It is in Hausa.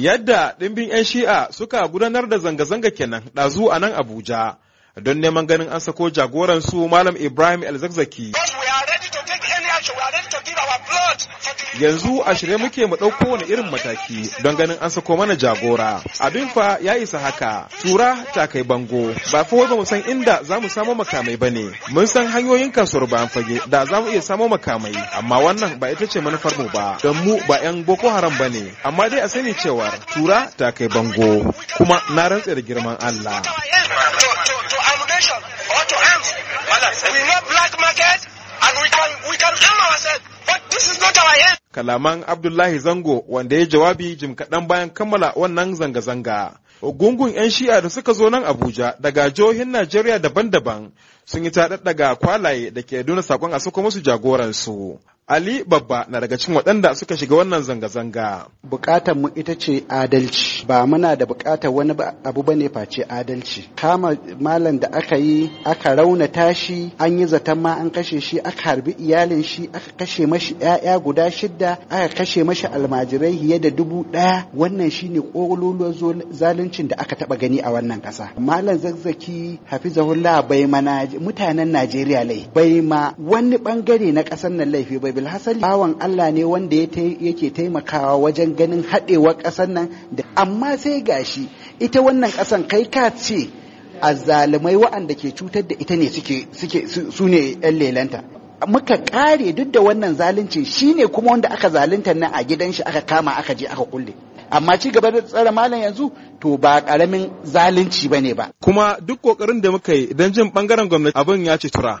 Yadda ɗimbin 'yan shi'a suka gudanar da zanga-zanga kenan ɗazu a nan Abuja don neman ganin an sako jagoransu Malam Ibrahim el Yanzu a shirye muke mu ɗauko wani irin mataki don ganin an sako mana jagora. Abin fa ya isa haka, tura ta kai bango, ba fa wai ba mu san inda za mu samo makamai ba ne. Mun san hanyoyin kasuwar bayan fage da za mu iya samo makamai, amma wannan ba ita ce manufar mu ba, don mu ba 'yan Boko Haram ba ne. Amma dai a sani cewar tura ta kai bango, kuma na rantse da girman Allah. Kalaman Abdullahi Zango wanda ya jawabi jim kaɗan bayan kammala wannan zanga-zanga. Gungun 'yan shi'a da suka zo nan Abuja daga jihohin Najeriya daban-daban sun yi ta daga kwalaye da ke nuna sakon a suka musu jagoransu. Ali Babba na daga cikin waɗanda suka shiga wannan zanga-zanga. Bukatar mu ita ce adalci, ba muna da bukatar wani abu ba ne face adalci. Kama malam da aka yi, aka rauna tashi, an yi zaton ma an kashe shi, aka harbi iyalin shi, aka kashe mashi ‘ya'ya guda shidda, aka kashe mashi almajirai fiye da dubu ɗaya. Wannan ne ƙololuwar zaluncin da aka taɓa gani a wannan ƙasa. Malam zazzaki Hafizahullah bai ma mutanen Najeriya lai, bai ma wani ɓangare na ƙasar nan laifi bai bilhassali bawan Allah ne wanda yake taimakawa wajen ganin haɗewar ƙasar nan da amma sai gashi ita wannan ƙasan kai ka ce a zalumai waɗanda ke cutar da ita ne suke su ne 'yan lelanta muka ƙare duk da wannan zalunci shine kuma wanda aka zalunta nan a gidan shi aka kama aka je aka kulle amma ci gaba da tsare malam yanzu to ba karamin zalunci bane ba kuma duk kokarin da muka yi don jin bangaren gwamnati abin ya ci tura